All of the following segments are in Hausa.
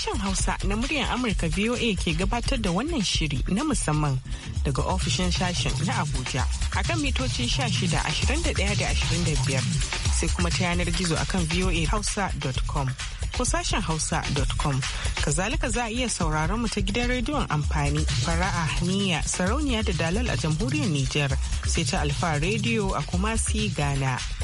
sashen Hausa na muryar Amurka VOA ke gabatar da wannan shiri na musamman daga ofishin sashen na Abuja akan mitoci 16, 21 da 25 sai kuma ta yanar gizo akan voahausa.com. ko sashen hausa.com. Kazalika za a iya sauraron mu ta gidan rediyon amfani fara'a niyya sarauniya da dalal a jamhuriyar Nijar sai ta alfa rediyo a kumasi Ghana.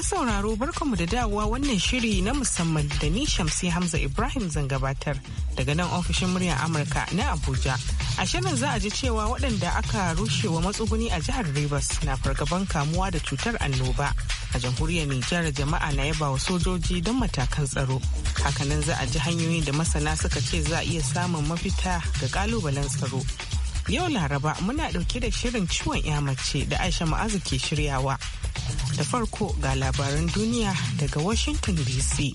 sauraro barkanmu da dawowa wannan shiri na musamman da ni Shamsi Hamza Ibrahim zan gabatar daga nan ofishin muryar Amurka na Abuja. A shirin za a ji cewa waɗanda aka rushewa matsuguni a jihar Rivers na fargaban kamuwa da cutar annoba. A jamhuriyar Nijar jama'a na yaba wa sojoji don matakan tsaro. Hakanan za a ji hanyoyi da masana suka ce za a iya samun mafita ga kalubalen tsaro. Yau Laraba muna ɗauke da shirin ciwon 'ya mace da Aisha Ma'azu ke shiryawa. Da farko ga labaran duniya daga Washington DC.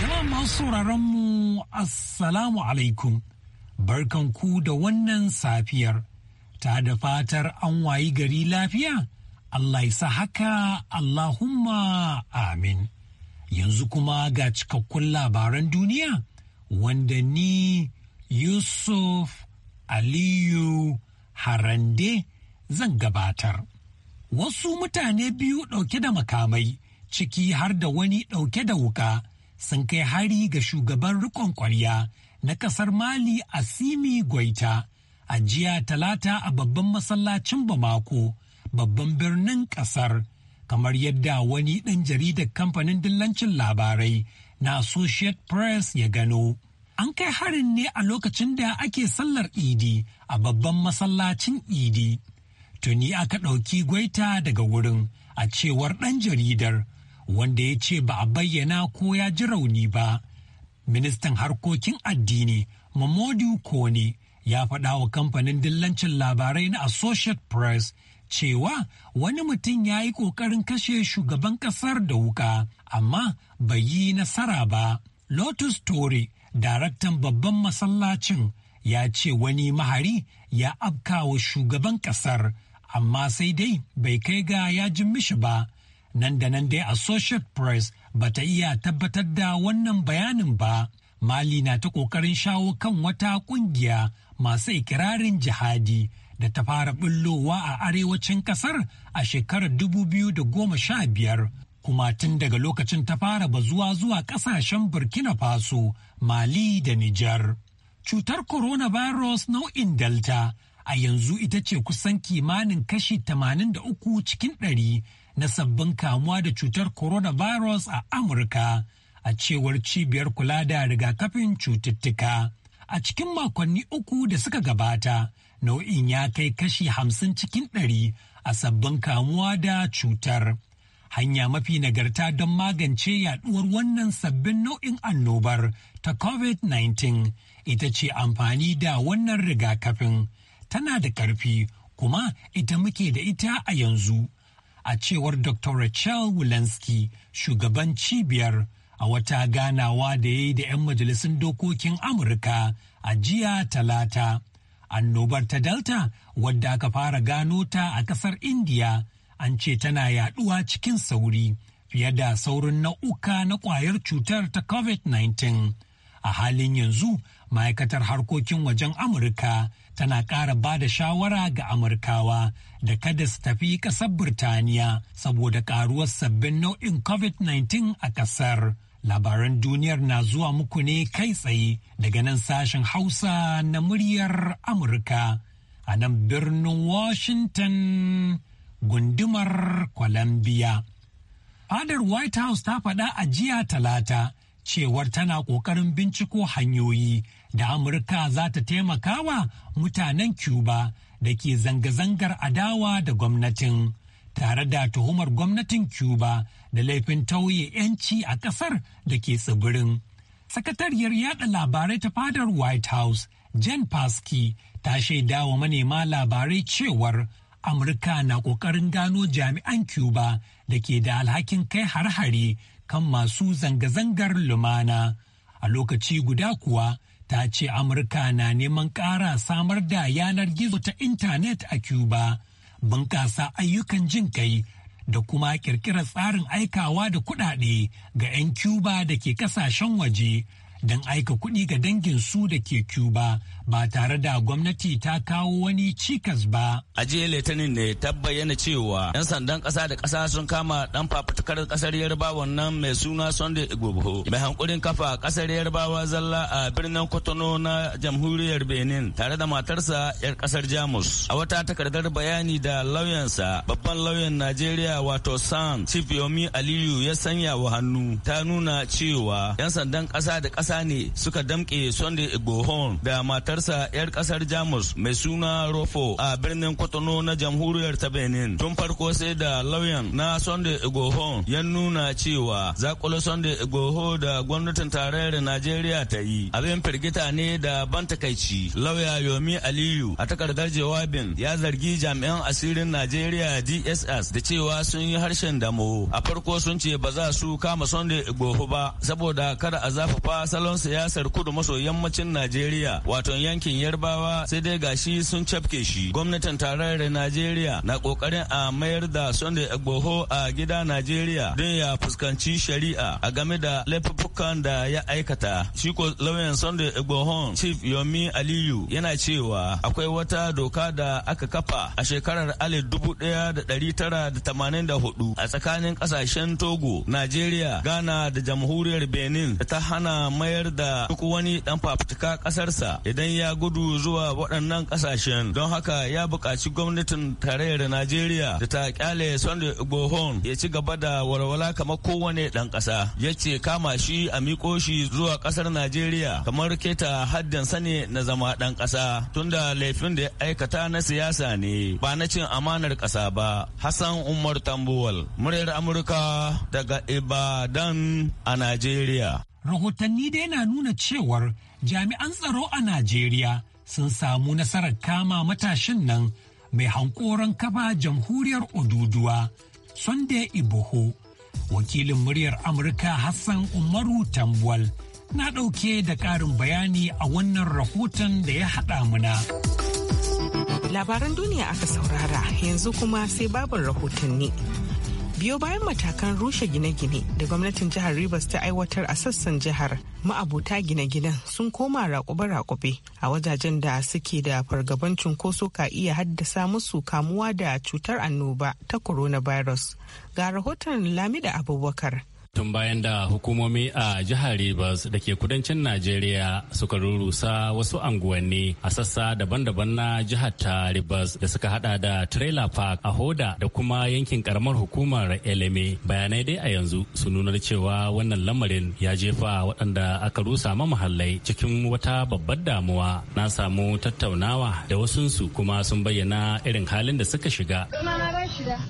Jama'a masu mu Assalamu alaikum. Barkanku da wannan safiyar. Ta da fatar an wayi gari lafiya? Allah isa haka Allahumma amin. Yanzu kuma ga cikakkun labaran duniya wanda ni Yusuf Aliyu harande zan gabatar. Wasu mutane biyu ɗauke da makamai ciki har da wani ɗauke da wuka sun kai hari ga shugaban rikon kwarya na ƙasar Mali Asimi Gwaita a jiya talata a babban masallacin Bamako babban birnin ƙasar kamar yadda wani ɗan jaridar kamfanin dillancin labarai na Associate Press ya gano. an kai harin ne a lokacin da ake sallar idi a babban masallacin idi tuni aka ɗauki gwaita daga wurin a cewar ɗan jaridar wanda ya ce ba a bayyana ko ya ji rauni ba ministan harkokin addini mamodi kone ya faɗa wa kamfanin dillancin labarai na associate press cewa wani mutum ya yi ƙoƙarin kashe shugaban ƙasar da wuka amma bai yi nasara ba lotus tori daraktan babban masallacin ya ce wani mahari ya afkawa shugaban kasar amma sai dai bai kai ga yajin mishi ba nan da nan dai associate press ba ta iya tabbatar da wannan bayanin ba mali na ta kokarin shawo kan wata kungiya masu ikirarin jihadi da ta fara bullowa a arewacin kasar a shekarar 2015 kuma tun daga lokacin ta fara bazuwa zuwa kasashen burkina faso mali da nijar cutar coronavirus nau'in delta a yanzu ita ce kusan kimanin kashi 83 cikin ɗari na sabbin kamuwa da cutar coronavirus a amurka a cewar cibiyar kula da rigakafin cututtuka a cikin makonni uku da suka gabata nau'in ya kai kashi 50 cikin ɗari a sabbin kamuwa da cutar. hanya mafi nagarta don magance yaduwar wannan sabbin nau'in annobar ta covid-19 ita ce amfani da wannan rigakafin tana da karfi kuma ita muke da ita a yanzu a cewar dr rachel Walensky shugaban cibiyar a wata ganawa da ya yi da 'yan majalisun dokokin amurka a jiya talata annobar ta delta wadda aka fara gano ta a kasar india an ce tana yaduwa cikin sauri fiye da saurin nau'uka na kwayar cutar ta covid-19 a halin yanzu ma'aikatar harkokin wajen amurka tana kara ba da shawara ga amurkawa da kada su tafi ƙasar birtaniya saboda karuwar sabbin nau'in covid-19 a kasar. labaran duniyar na zuwa muku ne kai tsaye daga nan sashen hausa na muryar amurka a nan birnin washington gundumar Columbia. Fadar White House ta faɗa a jiya talata cewar tana ƙoƙarin binciko hanyoyi da Amurka za ta taimaka wa mutanen Cuba da ke zanga-zangar adawa da gwamnatin. tare da tuhumar gwamnatin Cuba da laifin tauye 'yanci a ƙasar da ke tsibirin. Sakatariyar yada labarai ta fadar White House, Jen Paskey, ta shaida wa manema labarai cewar amurka na ƙoƙarin gano jami'an cuba da ke da alhakin kai har hari kan masu zanga-zangar lumana a lokaci guda kuwa ta ce amurka na neman ƙara samar da yanar gizo ta intanet a cuba bunƙasa ayyukan jin kai da kuma ƙirƙirar tsarin aikawa da kuɗaɗe ga 'yan cuba da ke ƙasashen waje don aika kuɗi ga danginsu da ke cuba ba tare da gwamnati ta kawo wani cikas ba. A jiya Litinin ne ta bayyana cewa 'yan sandan ƙasa da ƙasa sun kama ɗan fafutukar ƙasar Yarbawa nan mai suna Sunday Igbobo. Mai hankulin kafa ƙasar Yarbawa zalla a birnin Kotono na jamhuriyar Benin tare da matarsa 'yar ƙasar Jamus. A wata takardar bayani da lauyansa babban lauyan Najeriya wato San Chifiyomi Aliyu ya sanya wa hannu ta nuna cewa 'yan sandan ƙasa da ƙasa ne suka damƙe Sunday Igboho da matar matarsa 'yar kasar Jamus mai suna Rofo a birnin Kotono na jamhuriyar ta Benin. Tun farko sai da lauyan na Sunday Igoho ya nuna cewa zakula Sunday Igoho da gwamnatin tarayyar Najeriya ta yi. Abin firgita ne da ban takaici. Lauya Yomi Aliyu a takardar jawabin ya zargi jami'an asirin Najeriya DSS da cewa sun yi harshen damo. A farko sun ce ba za su kama Sunday Igoho ba saboda kada a zafafa salon siyasar kudu maso yammacin Najeriya wato yankin yarbawa sai dai gashi sun cafke shi gwamnatin tarayyar najeriya na kokarin a mayar da sunday agboho a gida najeriya don ya fuskanci shari'a a game da laifuffukan da ya aikata shi ko lauyan sunday agboho chief yomi aliyu yana cewa akwai wata doka da aka kafa a shekarar alif dubu daya da dari tara da tamanin da hudu a tsakanin kasashen togo najeriya ghana da jamhuriyar benin da ta hana mayar da duk wani dan fafutuka kasarsa idan dai ya gudu zuwa waɗannan ƙasashen don haka ya buƙaci gwamnatin tarayyar najeriya da ta kyale sunday igbohon ya ci gaba da walwala kamar kowane ɗan ƙasa ya ce kama shi a miko shi zuwa ƙasar najeriya kamar keta haddin sani na zama ɗan ƙasa tunda laifin da ya aikata na siyasa ne ba na cin amanar ƙasa ba hassan umar tambuwal muryar amurka daga ibadan a najeriya rahotanni dai na nuna cewar jami'an tsaro a Najeriya sun samu nasarar kama matashin nan mai hankoron kafa jamhuriyar Oduduwa, Sunday Iboho. Wakilin muryar Amurka Hassan Umaru Tambwal na ɗauke da ƙarin bayani a wannan rahoton da ya haɗa muna. Labaran duniya aka saurara yanzu kuma sai babin rahotanni. biyo bayan matakan rushe gine-gine da gwamnatin jihar Rivers ta aiwatar a sassan jihar ma'abuta gine-ginen sun koma raƙube-raƙube a wajajen da suke da fargaban cunkoso ka iya haddasa musu kamuwa da cutar annoba ta coronavirus ga rahoton lamida abubakar tun bayan da hukumomi a jihar Rivers da ke kudancin Najeriya suka rurusa wasu anguwanni a sassa daban-daban na jihar ta Rivers da suka hada da Trailer Park a Hoda da kuma yankin karamar hukumar Eleme. Bayanai dai a yanzu su nunar cewa wannan lamarin ya jefa waɗanda aka rusa ma mahallai cikin wata babbar damuwa. Na samu tattaunawa da wasunsu kuma sun bayyana irin halin da suka shiga.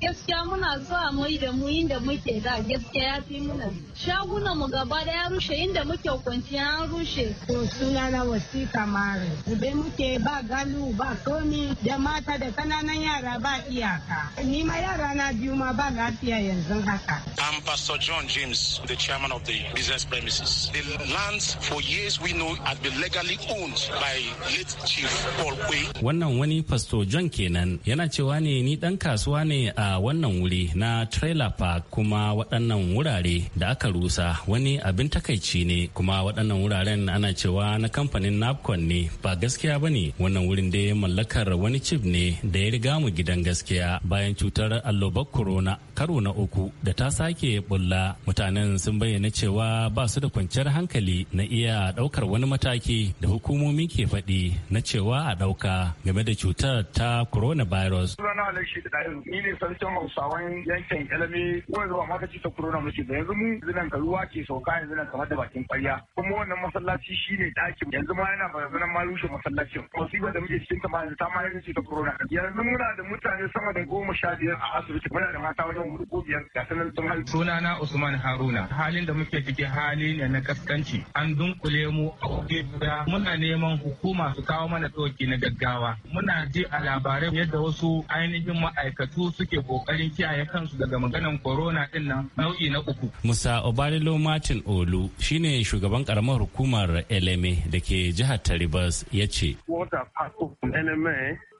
Gaskiya muna zuwa mu da mu da muke da gaskiya ya fi mu shagunan gaba mu gaba rushe inda muke kwanciya an rushe to suna na wasika mare zube muke ba galu ba komi da mata da kananan yara ba iyaka ni ma yara na biyu ma ba lafiya yanzu haka I'm Pastor John James the chairman of the business premises the lands for years we know had been legally owned by late chief Paul Quay wannan wani Pastor John kenan yana cewa ne ni dan kasuwa ne a wannan wuri na trailer park kuma waɗannan wurare da aka rusa wani abin takaici ne kuma waɗannan wuraren ana cewa na kamfanin napcon ne ba gaskiya ba ne wannan wurin da ya mallakar wani cif ne da ya riga mu gidan gaskiya bayan cutar allobar corona karo na uku da ta sake bulla mutanen sun bayyana cewa ba su da kwanciyar hankali na iya ɗaukar wani mataki da hukumomi ke faɗi na cewa a ɗauka game da cutar ta coronavirus. Sunana ne sarkin Hausawan yankin ba ma ta corona muke da yanzu yanzu mu yanzu nan ruwa ke sauka yanzu nan kamar da bakin kwarya kuma wannan masallaci shine ɗakin yanzu ma yana barazanar ma rushe masallacin musiba da muke cikin ta yanzu ta ma yanzu ce ta corona yanzu muna da mutane sama da goma sha biyar a asibiti muna da mata wajen hudu ko biyar ga sanar sun hali. sunana usman haruna halin da muke ciki hali ne na kaskanci an dunkule mu a waje guda muna neman hukuma su kawo mana ɗauki na gaggawa muna ji a labarai yadda wasu ainihin ma'aikatu suke kokarin kiyaye kansu daga maganan corona din nan nau'i na uku Musa obarilo Martin Olu shine shugaban karamar hukumar LMA da ke jihar Taribas ya ce.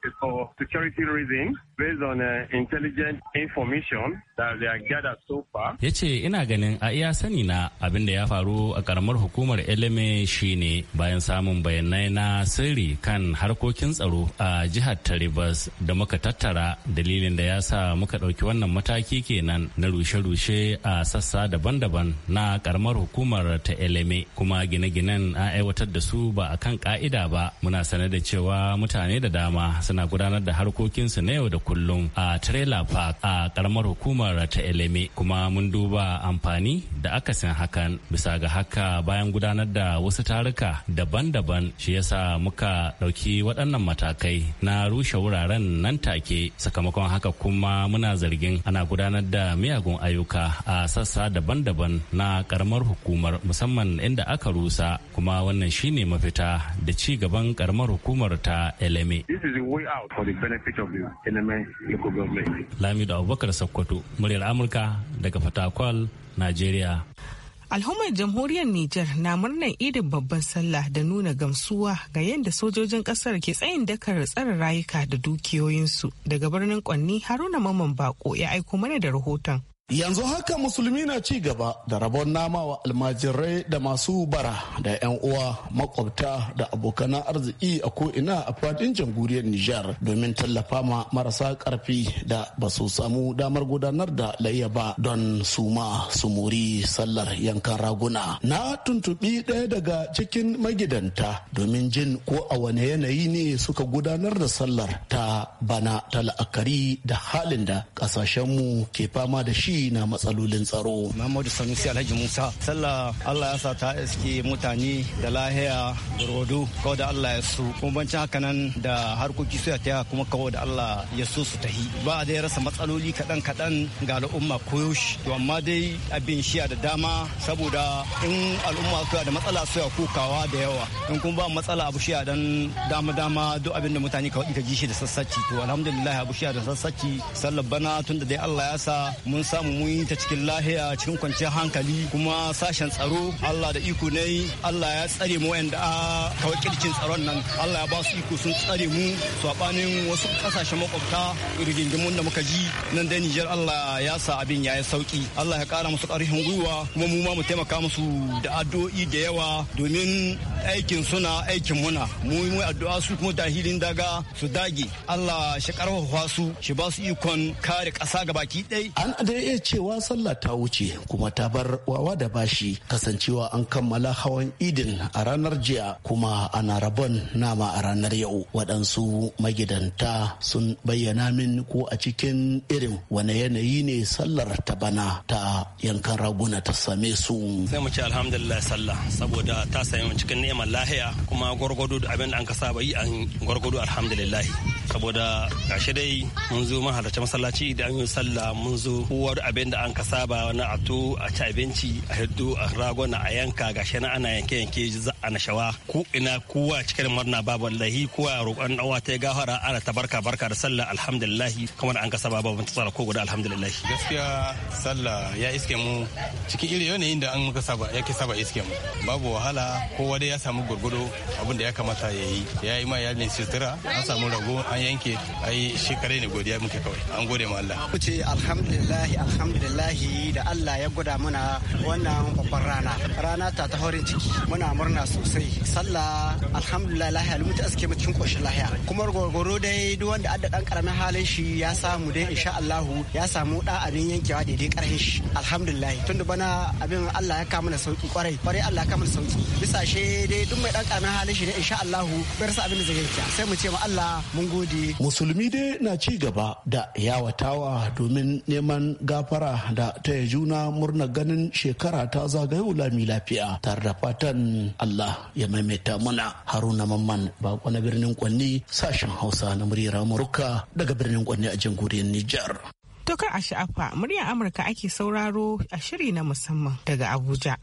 is for security reasons based on uh, intelligent information that they are gathered so far. Ya ce ina ganin a iya sani na abin da ya faru a karamar hukumar eleme shine bayan samun bayanai na sirri kan harkokin tsaro a jihar ta da muka tattara dalilin da ya sa muka ɗauki wannan mataki kenan na rushe-rushe a sassa daban-daban na karamar hukumar ta eleme kuma gine-ginen an aiwatar da su ba a kan ka'ida ba muna sanar da cewa mutane da dama suna gudanar da harkokinsu na yau da kullum a trailer park a karamar hukumar ta eleme kuma mun duba amfani da aka akasin hakan bisa ga haka bayan gudanar da wasu taruka daban-daban shi yasa muka ɗauki waɗannan matakai na rushe wuraren nan take sakamakon haka kuma muna zargin ana gudanar da miyagun ayyuka a sassa daban-daban na karamar hukumar musamman inda aka rusa kuma wannan shine mafita da ci gaban karamar hukumar ta eleme. way out for the benefit of the NMA local government. Lamido Abubakar Sokoto, muryar Amurka daga Fatakwal, Najeriya. Al'ummar jamhuriyar Nijar na murnar idin babban sallah da nuna gamsuwa ga yadda sojojin kasar ke tsayin dakar tsare rayuka da dukiyoyinsu daga birnin Kwanni Haruna Maman Bako ya aiko mana da rahoton. yanzu haka musulmi na ci gaba da rabon nama wa almajirai da masu bara da 'yan uwa makwabta da abokan arziki a ko'ina a fadin jamhuriyar nijar domin tallafa ma marasa karfi da ba su samu damar gudanar da layya ba don su ma su muri sallar yankan raguna na tuntubi ɗaya daga cikin magidanta domin jin ko a wane yanayi ne suka gudanar da sallar ta bana ta la'akari da halin da ƙasashenmu ke fama da shi fari na matsalolin tsaro. Muhammadu Sanusi Alhaji Musa, sallah Allah ya sa ta iske mutane da lahiya burodu, kawo da Allah ya su kuma bancin haka nan da harkoki su ta kuma kawo da Allah ya so su tahi. Ba a dai rasa matsaloli kaɗan kaɗan ga al'umma koyaushe. To amma dai abin shi da dama saboda in al'umma su da matsala su kokawa da yawa. In kuma ba matsala abu shi dan dama dama duk abin da mutane kawai ka ji shi da sassaci. To alhamdulillah abu shi da sassaci sallah bana tun da dai Allah ya sa mun sa samu mu yi ta cikin lahiya cikin kwanciyar hankali kuma sashen tsaro Allah da iko ne Allah ya tsare mu wanda a kawakilcin tsaron nan Allah ya ba su iko sun tsare mu sabanin wasu kasashen makwabta rigingimun da muka ji nan da Nijar Allah ya sa abin ya yi sauki Allah ya kara musu karfin gwiwa kuma mu ma mu taimaka musu da addu'o'i da yawa domin aikin suna aikin muna mu mai addu'a su kuma dahilin daga su dage Allah shi karfafa su shi ba su ikon kare kasa gabaki ɗaya an da iya cewa sallah ta wuce kuma ta bar wawa da bashi kasancewa an kammala hawan idin a ranar jiya kuma ana rabon nama a ranar yau waɗansu magidanta sun bayyana min ko a cikin irin wani yanayi ne sallar ta bana ta yankan raguna ta same su sai mu ce alhamdulillah sallah saboda ta same cikin ni'imar lahiya kuma gwargwado abin da an ka saba yi an gwargwado alhamdulillah saboda gashi dai mun zo halarci masallaci da an yi sallah mun zo kowar abin da an ka saba a ato a ci abinci a hiddo a ragona a yanka gashi na ana yanke yanke za a nashawa ko ina kowa cikin murna babu wallahi kowa roƙon dan ta gafara ana tabarka barka da sallah alhamdulillah kamar an ka ba babu tsara ko guda alhamdulillah gaskiya sallah ya iske mu cikin iri yanayin da an muka saba yake saba iske mu babu wahala kowa dai ya samu gurgudo abin da ya kamata ya yi ya yi ma iyalin sutura an samu rago an yanke ai shi kare ne godiya muke kawai an gode ma Allah ku ce alhamdulillah alhamdulillah da Allah ya gwada muna wannan babbar rana rana ta ta horin ciki muna murna sosai sallah alhamdulillah lahiya mu ta aske cikin koshin lahiya kuma gorgoro dai duk wanda adda dan karamin halin shi ya samu dai insha Allah ya samu da abin yankewa daidai karhin shi alhamdulillah tunda bana abin Allah ya kama mana sauki kwarai kwarai Allah ya kama mana sauki bisa shi dai duk mai dan karamin halin shi dai insha Allah bar sa abin da zai yanke sai mu ce ma Allah mun gode maulidi musulmi dai na ci gaba da yawatawa domin neman gafara da taya juna murna ganin shekara ta zagayo lami lafiya tare da fatan allah ya maimaita mana haruna mamman bako na birnin kwanni sashen hausa na muryar amurka daga birnin kwanni a jamhuriyar nijar Tokar a sha'afa muryar Amurka ake sauraro a shiri na musamman daga Abuja.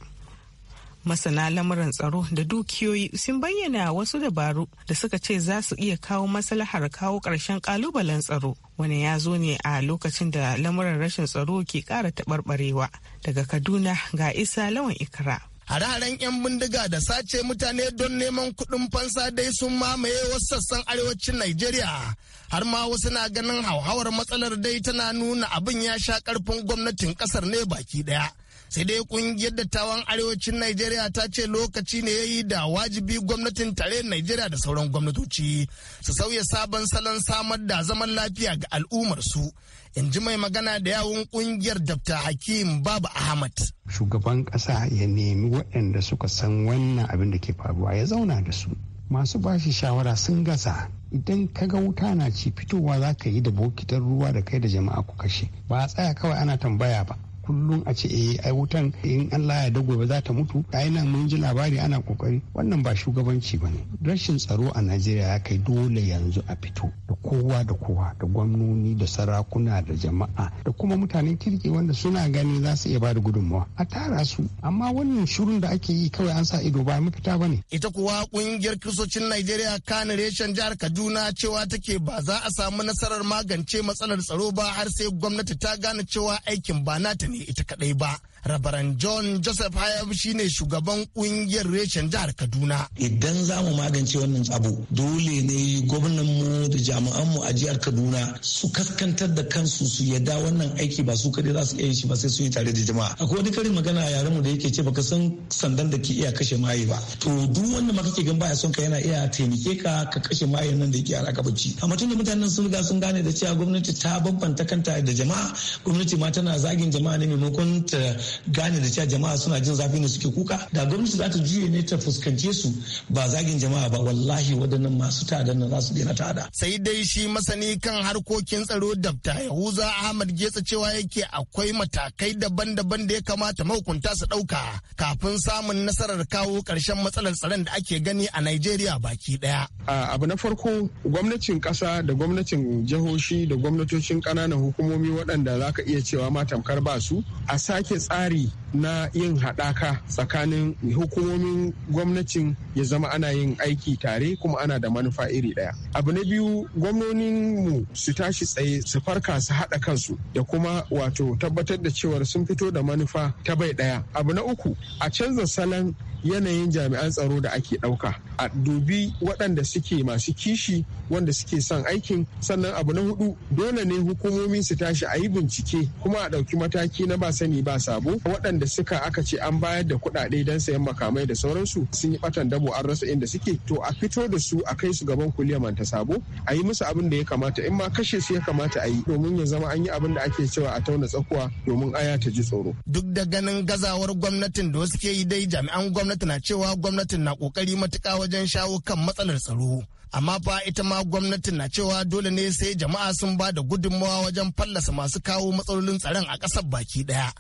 masana lamuran tsaro da dukiyoyi sun bayyana wasu dabaru da suka ce za su iya kawo maslahar kawo ƙarshen ƙalubalen tsaro wani ya zo ne a lokacin da lamuran rashin tsaro ke ƙara taɓarɓarewa daga kaduna ga isa lawan ikra hare-haren 'yan bindiga da sace mutane don neman kuɗin fansa dai sun mamaye wasu sassan arewacin Najeriya. Har ma wasu na ganin hauhawar matsalar dai tana nuna abin ya sha karfin gwamnatin ƙasar ne baki ɗaya. sai dai kungiyar dattawan arewacin Najeriya ta ce lokaci ne yayi da wajibi gwamnatin tare Najeriya da sauran gwamnatoci su sauya sabon salon samar da zaman lafiya ga al'ummar su in ji mai magana da yawun kungiyar dr. hakim babu ahmad shugaban kasa ya nemi waɗanda suka san wannan abin da ke faruwa ya zauna da su masu bashi shawara sun gasa idan ka ga wuta na ci fitowa za ka yi da bokitan ruwa da kai da jama'a ku kashe ba a tsaya kawai ana tambaya ba kullum a ce eh ai wutan in Allah ya dago ba za ta mutu ai nan mun ji labari ana kokari wannan ba shugabanci bane rashin tsaro a Najeriya ya kai dole yanzu a fito da kowa da kowa da gwamnoni da sarakuna da jama'a da kuma mutanen kirki wanda suna gani za su iya bada gudunmawa a tara su amma wannan shirin da ake yi kawai an sa ido ba mafita bane ita kuwa kungiyar kristocin Najeriya kan reshen jihar Kaduna cewa take ba za a samu nasarar magance matsalar tsaro ba har sai gwamnati ta gane cewa aikin ba nata ne ne ita kadai ba rabaran john joseph hayab shine shugaban kungiyar reshen jihar kaduna idan za mu magance wannan abu dole ne mu da jami'anmu a jihar kaduna su kaskantar da kansu su yadda wannan aiki ba su kadai za su iya shi ba sai su yi tare da jama'a akwai wani karin magana a yaren mu da yake ce baka san sandan da ke iya kashe maye ba to duk wanda ma kake gan baya son ka yana iya taimake ka ka kashe maye nan da yake a raka bacci amma tunda mutanen sun riga sun gane da cewa gwamnati ta bambanta kanta da jama'a gwamnati ma tana zagin jama'a ne maimakon ta gane da cewa jama'a suna jin zafi ne suke kuka da gwamnati za ta juye ne ta fuskance su ba zagin jama'a ba wallahi waɗannan masu ta'adar nan za su daina ta'ada. sai dai shi masani kan harkokin tsaro dabta yahuza ahmad getsa cewa yake akwai matakai daban-daban da ya kamata mahukunta su ɗauka kafin samun nasarar kawo ƙarshen matsalar tsaron da ake gani a Najeriya baki ɗaya. abu na farko gwamnatin ƙasa da gwamnatin jihohi da gwamnatocin ƙananan hukumomi waɗanda za ka iya cewa ma tamkar ba su a sake tsari na yin haɗaka tsakanin hukumomin gwamnatin ya zama ana yin aiki tare kuma ana da manufa iri ɗaya abu na biyu gwamnoninmu su tashi tsaye su farka su haɗa kansu da kuma wato tabbatar da cewar sun fito da manufa ta bai ɗaya abu na uku a canza salon yanayin jami'an tsaro da ake ɗauka a dubi waɗanda suke masu kishi wanda suke son aikin sannan abu na hudu dole ne hukumomin su tashi a yi bincike kuma a ɗauki mataki na ba sani ba sabo waɗanda suka aka ce an bayar da kuɗaɗe don sayan makamai da sauransu sun yi ɓatan dabo an rasa inda suke to a fito da su a kai su gaban kuliyar manta sabo a yi musu abin da ya kamata in ma kashe su ya kamata a yi domin ya zama an yi abin da ake cewa a tauna tsakuwa domin aya ta ji tsoro. Duk da ganin gazawar gwamnatin da wasu ke yi dai jami'an gwamnati na cewa gwamnatin na kokari matuƙa wajen shawo kan matsalar tsaro. amma fa ita ma gwamnatin na cewa dole ne sai jama'a sun ba da gudunmawa wajen fallasa masu kawo matsalolin tsaron a ƙasar baki ɗaya.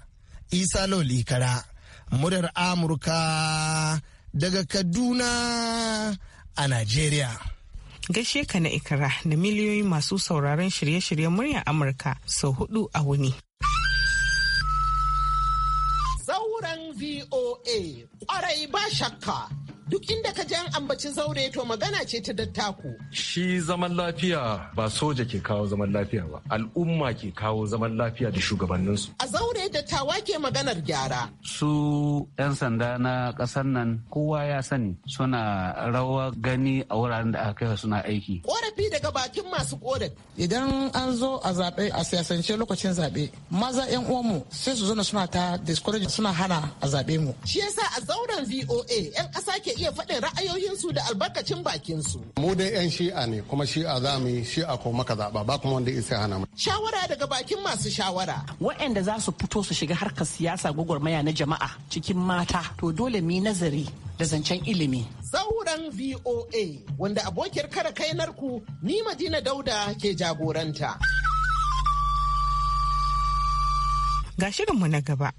isa loli kara muryar amurka daga kaduna a najeriya gaishe ka na Ikara da miliyoyin masu sauraron shirye-shiryen muryar amurka sau hudu a wuni zauren VOA. Ƙwarai ba shakka. Duk inda ka jan ambaci zaure to magana ce ta dattaku. Shi zaman lafiya ba soja ke kawo zaman lafiya ba, al'umma ke kawo zaman lafiya da shugabanninsu. A zaure dattawa ke maganar gyara. Su 'yan sanda na ƙasar nan kowa ya sani suna rawa gani a wuraren da aka kai suna aiki. Ƙwarai ƙorafi daga bakin masu ƙorafi. Idan an zo a zaɓe a siyasance lokacin zaɓe maza 'yan uwanmu sai su zana suna ta discourage suna hana a zaɓe mu. Shi yasa a zauren VOA 'yan ƙasa ke iya faɗin ra'ayoyinsu da albarkacin bakinsu. Mu dai 'yan shi'a ne kuma shi'a za mu yi shi'a ko maka zaɓa ba kuma wanda isa hana mu. Shawara daga bakin masu shawara. Waɗanda za su fito su shiga harkar siyasa gwagwarmaya na jama'a cikin mata to dole mu yi nazari da zancen ilimi. Sauran VOA wanda abokiyar kare kainarku ni Madina Dauda ke jagoranta. Ga shirinmu na gaba.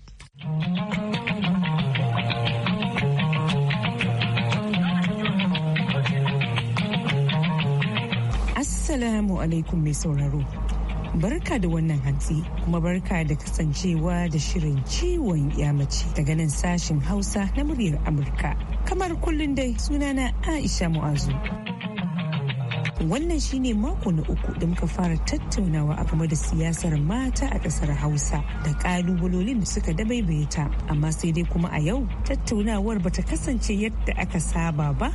Assalamu alaikum mai sauraro. barka da wannan hantsi kuma barka da kasancewa da shirin ciwon yamaci daga nan sashen hausa na muryar amurka kamar kullum dai sunana aisha mu'azu wannan shine mako na uku da muka fara tattaunawa a game da siyasar mata a ƙasar hausa da kalubalolin da suka dabaibaye ta amma sai dai kuma a yau tattaunawar bata kasance yadda aka saba ba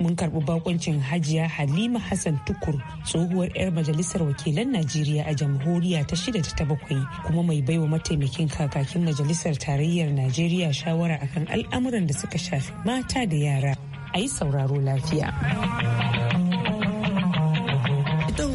mun karɓi bakoncin hajiya halima hassan tukur tsohuwar 'yar majalisar wakilan najeriya a jamhuriya ta shida ta bakwai kuma mai baiwa mataimakin kakakin majalisar tarayyar najeriya shawara akan al'amuran da suka shafi mata da yara a yi sauraro lafiya.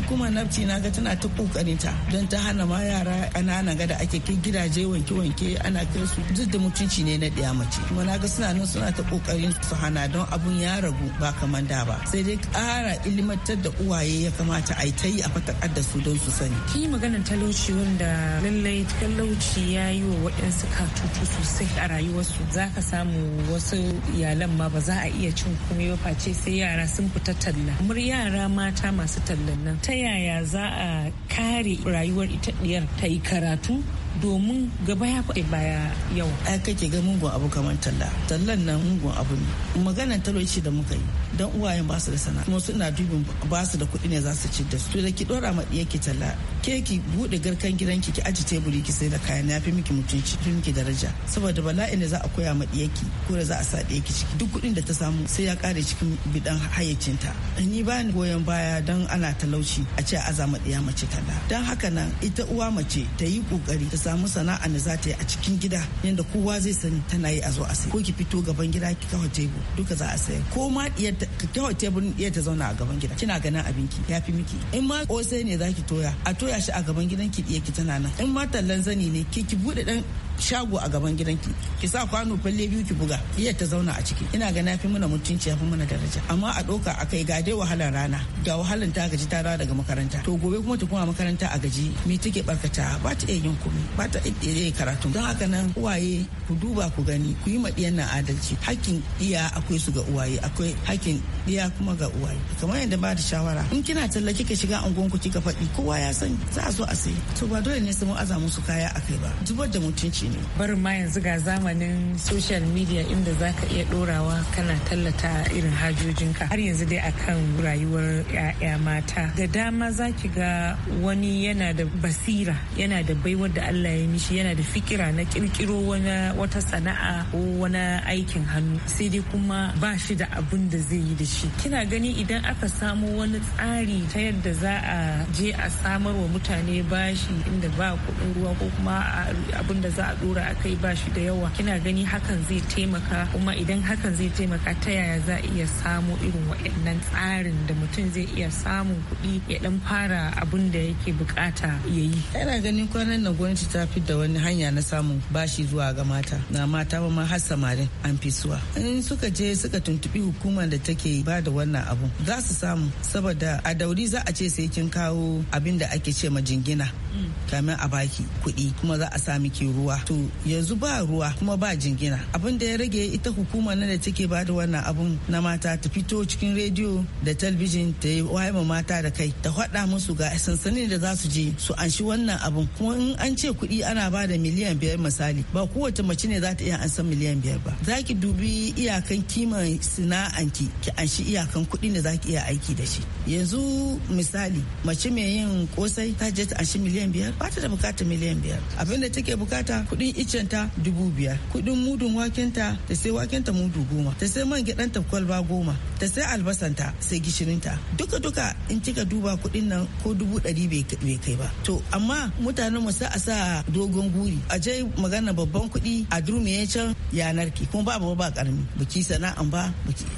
hukumar nafci na ga tana ta kokarin ta don ta hana ma yara ƙanana ga da ake kai gidaje wanke-wanke ana kai su duk da mutunci ne na ɗaya mace kuma na ga suna nan suna ta kokarin su hana don abun ya ragu ba kamar da ba sai dai ƙara ilimantar da uwaye ya kamata a yi ta yi a fatakar da su don su sani. kin yi maganar talauci wanda lallai talauci ya yi wa waɗansu katutu sosai a rayuwarsu za ka samu wasu iyalan ma ba za a iya cin komai ba face sai yara sun fita talla. Mur yara mata masu tallan nan ta yaya za a kare rayuwar ita ɗiyar ta yi karatu domin gaba ya faɗi baya yau. Ai kake ga mugun abu kamar talla. Tallan nan mugun abu ne. Maganar talauci da muka yi. Dan uwayen ba su da sana'a. Kuma suna dubin ba su da kuɗi ne za su ci da su. da ki ɗora ma ɗiya talla. Ke ki buɗe garkan gidan ki ki aji teburi ki sai da kayan ya fi miki mutunci fi miki daraja. Saboda bala'in ne za a koya ma ɗiyaki ko da za a sa ki ciki. Duk kuɗin da ta samu sai ya ƙare cikin bidan hayyacinta. Ni ba ni goyon baya don ana talauci a ce a azama ɗiya mace talla. Don haka nan ita uwa mace ta yi ƙoƙari ta samu sana'a da za ta yi a cikin gida yadda kowa zai sani tana yi a zo a sai ko ki fito gaban gida ki kawo tebur duka za a sayar ko ma ka kawo tebur iya ta zauna a gaban gida kina ganin abinki ya fi miki in ma kosai ne za ki toya a toya shi a gaban gidan ki iya ki tana nan in ma tallan zani ne ki ki bude dan shago a gaban gidanki ki sa kwano falle biyu ki buga iya ta zauna a ciki ina ya yafi mana mutunci ya fi mana daraja amma a ɗauka a kai ga dai wahalar rana ga wahalar ta gaji ta daga makaranta to gobe kuma ta kuma makaranta a gaji me take barkata ba ta iya yin komai bata karatu don haka nan uwaye ku duba ku gani ku yi ma nan adalci hakkin iya akwai su ga uwaye akwai hakkin iya kuma ga uwaye kamar yadda ba da shawara in kina talla kika shiga angon ku kika faɗi kowa ya san za a zo a sai to ba dole ne samu azamu su kaya a kai ba zubar da mutunci ne barin ma yanzu ga zamanin social media inda za ka iya ɗorawa kana tallata irin hajojinka har yanzu dai akan rayuwar 'ya'ya mata da dama za ki ga wani yana da basira yana da baiwar da Allah ya mishi yana da fikira na kirkiro wani wata sana'a ko wani aikin hannu sai dai kuma ba shi da abun da zai yi da shi kina gani idan aka samo wani tsari ta yadda za a je a samar wa mutane bashi inda ba kuɗin ruwa ko kuma abun da za a dora a kai bashi da yawa kina gani hakan zai taimaka kuma idan hakan zai taimaka ta yaya za a iya samo irin waɗannan tsarin da mutum zai iya samun kuɗi ya dan fara abun da yake bukata ya yi. Yana ganin kwanan na gwamnati ta fi da wani hanya na samun bashi zuwa ga mata na mata ma har samari an fi suwa in suka je suka tuntubi hukumar da take ba da wannan abu za su samu saboda a dauri za a ce sai kin kawo abin da ake ce ma jingina kamin a baki kuɗi kuma za a sa miki ruwa to yanzu ba ruwa kuma ba jingina abin da ya rage ita hukuma na da take ba da wannan abun na mata ta fito cikin rediyo da talbijin ta yi ma mata da kai ta faɗa musu ga sansanin da za su je su anshi wannan abun kuma in an ce kuɗi ana ba da miliyan biyar misali ba kowace mace ne za ta iya an miliyan biyar ba za ki dubi iyakan kiman sana'anki ki anshi iyakan kuɗi da za ki iya aiki da shi yanzu misali mace mai yin kosai ta je ta anshi miliyan miliyan biyar ba ta da bukatar miliyan biyar abin da take bukata kudin kuɗin ta dubu biyar kudin mudun wakenta ta sai wakenta mudu goma ta sai man ta kwalba goma ta sai albasan ta sai gishirin ta duka duka in kika duba kudin nan ko dubu ɗari bai kai ba to amma mutanen mu sai a sa dogon guri a je magana babban kudi a ya can yanar ki kuma ba ba karami baki sana'an ba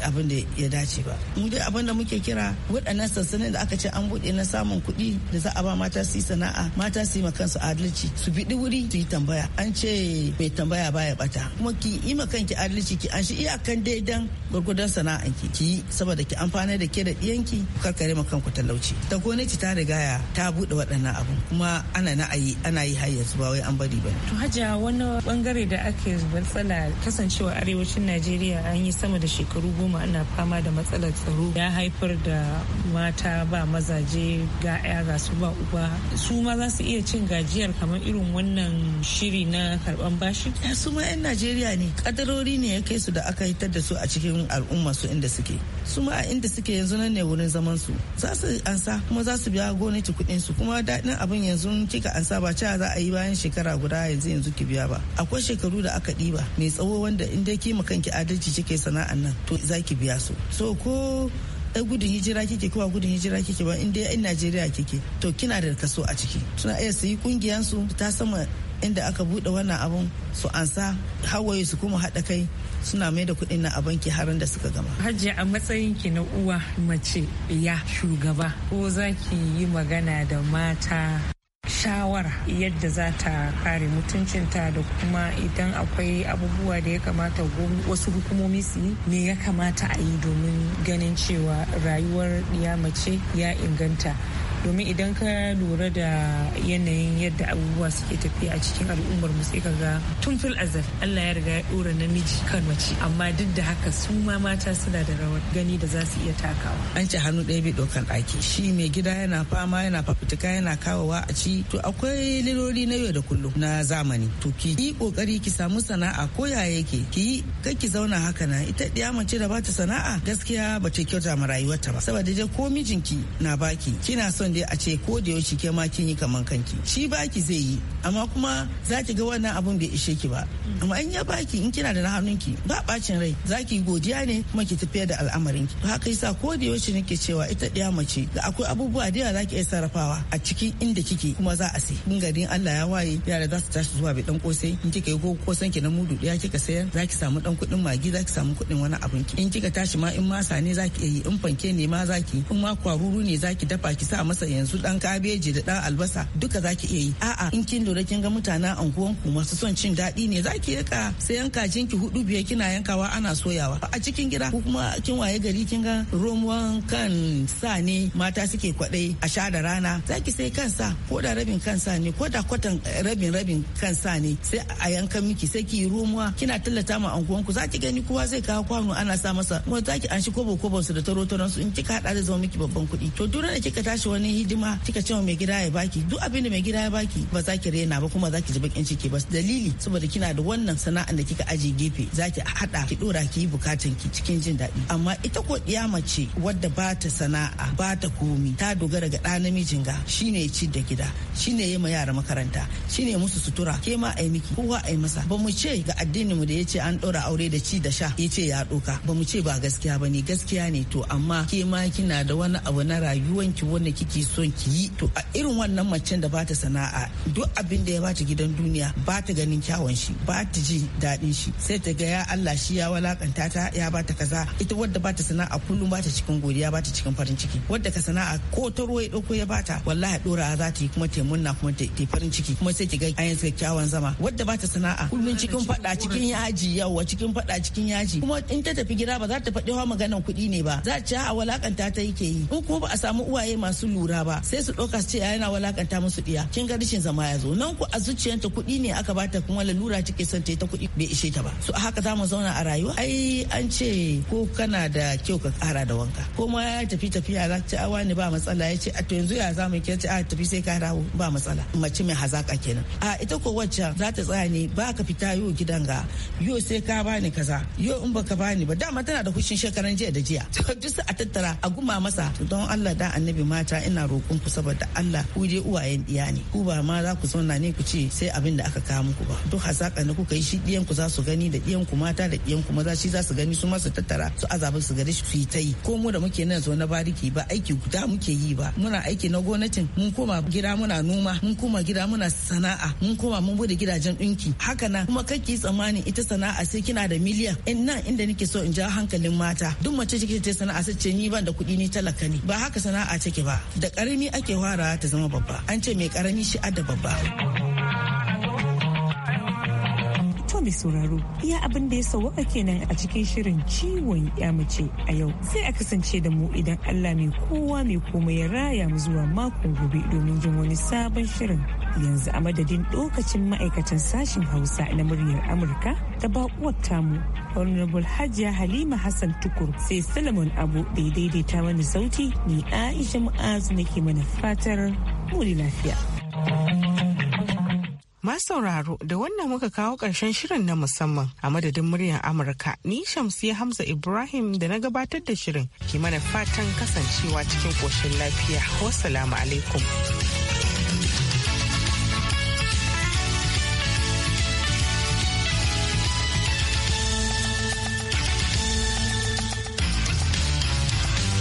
abin da ya dace ba mu dai abin da muke kira waɗannan sansanin da aka ce an buɗe na samun kuɗi da za a ba mata su sana'a mata su yi ma kansu adalci su biɗi wuri su yi tambaya an ce mai tambaya baya bata kuma ki yi ma kanki adalci ki an shi iyakan daidan gwargwadon sana'anki ki yi saboda ki amfana da ke da ɗiyanki karkare ma kanku talauci ta gwamnati ta rigaya ta buɗe waɗannan abu kuma ana na ayi ana yi har yanzu ba wai an bari ba. to hajiya wani bangare da ake matsala kasancewa arewacin najeriya an yi sama da shekaru goma ana fama da matsalar tsaro ya haifar da mata ba mazaje ga 'ya ga su ba uba su maza za su iya cin gajiyar kamar irin wannan shiri na karban bashi? Eh, su ma 'yan najeriya ne kadarori ne ya kai su da aka hitar da su a cikin al'umma su inda suke su ma a inda suke yanzu nan ne wurin zaman su za su ansa kuma za su biya gwamnati kuɗin su kuma daɗin abin yanzu kika ansa ba cewa za a yi bayan shekara guda yanzu yanzu ki biya ba akwai shekaru da aka ɗiba mai tsawo wanda in dai kima kanki adalci cike sana'an nan to za ki biya su so ko ai gudun hijira kike ko gudun hijira kike ba inda in najeriya kike to kina da kaso a ciki suna iya su yi su ta sama inda aka buɗe wannan abun su ansa hawaye su kuma haɗa kai suna mai da kuɗin na a banki harin da suka gama. Hajji a matsayin ki na uwa mace ya shugaba ko zaki yi magana da mata shawara yadda za ta kare mutuncinta da kuma idan akwai abubuwa da ya kamata wasu hukumomi su yi me ya kamata a yi domin ganin cewa rayuwar ya mace ya inganta domin idan ka lura da yanayin yadda abubuwa suke tafiya a cikin al'ummar mu sai ka ga tun fil azal Allah ya riga ya dora namiji kan mace amma duk da haka su ma mata suna da rawar gani da za su iya takawa an ce hannu ɗaya bai ɗaukan ɗaki shi mai gida yana fama yana fafutuka yana kawowa a ci to akwai lilori na yau da kullum na zamani to ki yi kokari ki samu sana'a ko ya yake ki yi kai ki zauna haka na ita ɗaya mace da bata sana'a gaskiya ba ta kyauta ma rayuwarta ba saboda je ko mijinki na baki kina son a ce ko da yaushe ke ma kin yi kaman kanki shi baki zai yi amma kuma za ki ga wannan abun bai ishe ki ba amma in ya baki in kina da na hannunki ba bacin rai za ki godiya ne kuma ki tafiya da ki haka yasa ko da yaushe nake cewa ita ɗaya mace da akwai abubuwa da yawa za ki iya sarrafawa a cikin inda kike kuma za a sai in garin Allah ya waye yara za su tashi zuwa bai dan kosai in kika yi ko kosan ki na mudu ɗaya kika sayar za ki samu dan kuɗin magi za ki samu kuɗin wani abun ki in kika tashi ma in masa ne za ki yi in fanke ne ma za ki in ma kwaruru ne za dafa ki sa masa albasa yanzu dan kabeji da dan albasa duka zaki iya yi a'a in kin lura kin ga mutanen anguwan ku masu son cin daɗi ne zaki rika sayan kajin ki hudu biyar kina yankawa ana soyawa a cikin gida ko kuma kin waye gari kin ga romuwan kan sa ne mata suke kwaɗai a sha da rana zaki sai kansa ko da rabin kansa ne ko da kwatan eh, rabin rabin kansa ne sai a yanka miki sai ki romuwa kina tallata ma anguwan ku zaki gani kowa zai kawo kwano ana sa masa kuma zaki an shi kobo kobon su da taro taron su in kika hada da zama miki babban kuɗi to duk da kika tashi wani hidima kika ce mai gida ya baki duk abin da mai gida ya baki ba za ki rena ba kuma za ki ji bakin ciki ba dalili saboda kina da wannan sana'ar da kika aje gefe za ki hada ki dora ki yi bukatan ki cikin jin daɗi amma ita ko diya mace wadda ba ta sana'a ba ta komi ta dogara ga ɗa namijin ga shine ci da gida shine yi ma yara makaranta shine musu sutura ke ma a yi miki kowa yi masa ba mu ce ga addinin mu da ya ce an ɗora aure da ci da sha ya ce ya ɗoka ba mu ce ba gaskiya ba ne gaskiya ne to amma ke ma kina da wani abu na rayuwanki wanda kike ki son ki yi to a irin wannan macen da bata sana'a duk abin da ya bata gidan duniya bata ganin kyawun shi bata ji daɗin shi sai ta ga ya Allah shi ya walakanta ta ya bata kaza ita wadda bata sana'a kullum bata cikin godiya bata cikin farin ciki wadda ka sana'a ko ta ruwa ya ɗauko ya bata wallahi dora za ta yi kuma ta munna kuma ta farin ciki kuma sai ki ga sa kyawun zama wadda bata sana'a kullum cikin fada cikin yaji yawa cikin fada cikin yaji kuma in ta tafi gida ba za ta faɗi maganan kuɗi ne ba za ta ci a walakanta ta yake yi ko kuma ba a samu uwaye masu lura lura ba sai su ɗauka su ce yana walakanta musu ɗiya kin ga rashin zama ya zo nan ku a zuciyanta kuɗi ne aka bata kuma lalura take son ta ta kuɗi bai ishe ta ba so haka za mu zauna a rayuwa ai an ce ko kana da kyau ka kara da wanka ko ma ya tafi tafiya za ce awa ne ba matsala ya ce a to yanzu ya za mu ke a tafi sai ka dawo ba matsala mace mai hazaka kenan a ita ko wacce za ta tsaya ne ba ka fita yau gidan ga yau sai ka bani kaza yau in baka bani ba dama tana da kushin shekaran jiya da jiya duk a tattara a guma masa don Allah da annabi mata ina ana roƙon ku saboda Allah ku je uwayen diya ne ku ba ma za ku zauna ne ku ce sai abin da aka kawo muku ba duk hasaka na kuka yi shi diyan ku za su gani da diyan ku mata da diyan ku maza shi za su gani su ma su tattara su azabi su gari su yi ta yi ko mu da muke nan zo na bariki ba aiki guda muke yi ba muna aiki na gwamnatin mun koma gida muna noma mun koma gida muna sana'a mun koma mun bude gidajen dinki haka na kuma kake tsammani ita sana'a sai kina da miliyan in nan inda nake so in ja hankalin mata duk mace take ta sana'a sai ce ni ban da kuɗi ni talaka ne ba haka sana'a take ba da karami ake fara ta zama babba an ce mai karami shi da babba mai sauraro iya abin da ya sauwaka kenan a cikin shirin ciwon ya mace a yau sai a kasance da mu idan allah mai kowa mai komai ya raya mu zuwa makon gobe domin jin wani sabon shirin yanzu a madadin lokacin ma'aikatan sashen hausa na muryar amurka da bakuwar tamu honorable hajiya halima hassan tukur sai solomon abu da daidaita mana sauti ni aisha mu'azu nake mana fatar muri lafiya Ma sauraro da wannan muka kawo ƙarshen shirin na musamman a madadin muryar amurka ni shamsiya hamza ibrahim da na gabatar da shirin ke mana fatan kasancewa cikin ƙoshin lafiya wassalamu alaikum